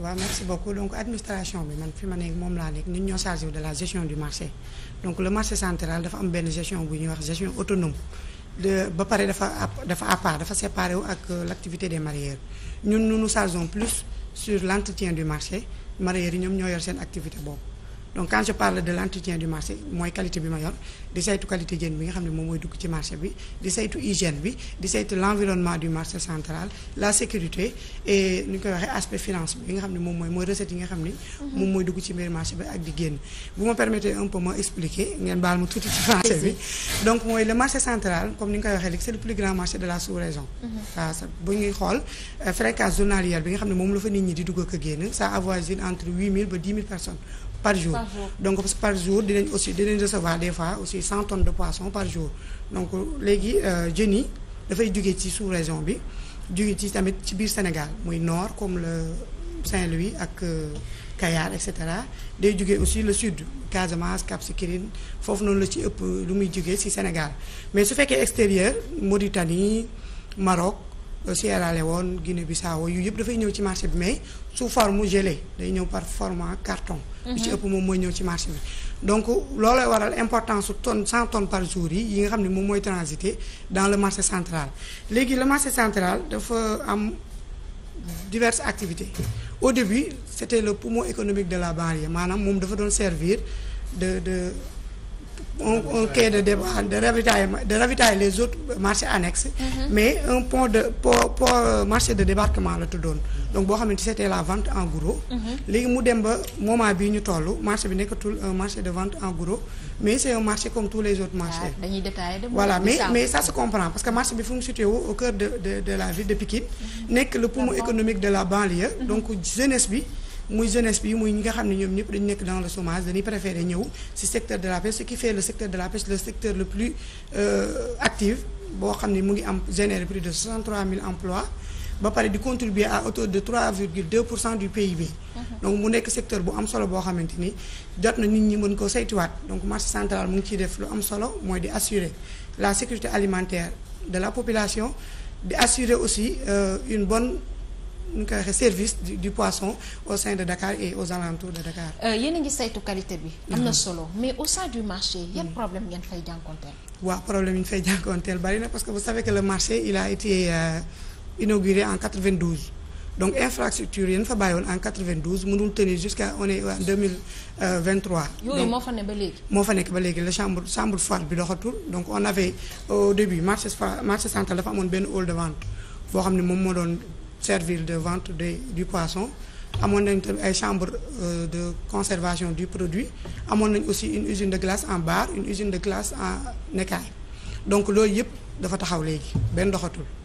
waaw merci beaucoup donc administration bi man fi ma nekk moom laa nekk nit ñoo chargé de la gestion du marché donc le marché central dafa am benn gestion bu ñu wax gestion autonome de ba pare dafa dafa à part dafa séparé wu ak euh, l' activité des mareyeurs ñun nunu nous plus sur l' entretien du marché mareyeurs yi ñoom ñoo yor seen activité boobu. donc quand je parle de l'entretien du marché mooy qualité bi ma yor di saytu qualité jën bi nga xam ne moom mooy dugg ci marché bi di saytu hygiène bi di saytu l'environnement du ni bi nga xam ne moom mooy mooy recette yi nga xam ni moom mooy dugg ci biir marché bi ak di génn bu ma permettre un peu ma expliquer ngeen baal ma tuuti ci français bi donc mooy le marché central comme ni nga koy waxee léegi c'est le plus grand marché de la sous-région mm-hmm. bu ñuy xool euh, fréquence journalière bi nga xam ne moom la fa nit ñi di dugg ak a génn ça avoisine entre 8000 ba 10 000 personnes par jour donc parce par jour dinañ aussi dinañ recevoir des fois aussi cent tonnes de poisson par jour donc léegi euh, jën yi dafay jóge ci sous région bi jóge ci tamit ci biir Sénégal muy nord comme le Saint-Louis ak euh, Kayar et cetera day jóge aussi le sud Casamance Cap foofu noonu la ci ëpp lu muy jóge ci Sénégal mais su fekkee extérieur Mauritanie Maroc Sierra Leone Guinée Bissau yu yëpp dafay ñëw ci marché bi mais sous forme gelée day ñëw par format carton. bi ci mhm. ëpp moom mooy ñëw ci marché bi. donc loolooy waral importance su tonne cent tonnes par jour yi yi nga xam ne moom mooy transiter dans le marché central léegi le marché central dafa am diverses activité au de début c'était le poumon économique de la banlieue maanaam moom dafa doon servir de de. un, un quai de débat de ravitaillement de ravitailler les autres marchés annexes. Mm mais un pont de port port euh, marché de débarquement la tuddoon donc boo xamante c'était la vente en gros. Mm-hmm. léegi mu dem ba moment bii ñu toll marché bi nekkatul un marché de vente en gros mais c'est un marché comme tous les autres marchés. Ah, de mais mais ça se comprend parce que marché bi fu mu situé au cœur de de la ville de Pikine. Mm-hmm. nekk le poumon économique de la banlieue. donc jeunesse muy jeunesse bi muy ñi nga xam ne ñoom ñëpp dañ nekk dans le chômage dañuy préférer ñëw ci secteur de la pêche ce qui fait le secteur de la pêche le secteur le plus euh, boo xam ne mu ngi am générer plus de 63 mille emplois ba pare di contribuer à hauteur de 3,2 pour cent du PIB. Mhm. donc mu nekk secteur bu am solo boo xamante ni jot na nit ñi mën ko saytuwaat donc marché central mu ngi ciy def lu am solo mooy di assurer la sécurité alimentaire de la population di assurer aussi euh, une bonne. ñu koy waxee service du, du poisson au sein de Dakar et aux alentours de Dakar. Euh, yéen a ngi saytu qualité bi. am na mm-hmm. solo mais au sein du marché. yan mm-hmm. problème ngeen fay jànkuwanteel. waaw problème yi ñu fay jànkuwanteel bari parce que vous savez que le marché il a été euh, inauguré en donc infrastructure yi fa bàyyi woon en 92 mënul tenir jusqu'à on est en 2023. yooyu moo fa nekk ba léegi. moo fa nekk ba léegi la chambre chambre froide bi doxatul donc on avait au début marché service de vente de du poisson amoon nañ tamit ay chambre euh, de conservation du produit amoon nañ aussi une usine de glace en bar une usine de glace en écaille donc loolu yëpp dafa taxaw léegi benn doxatul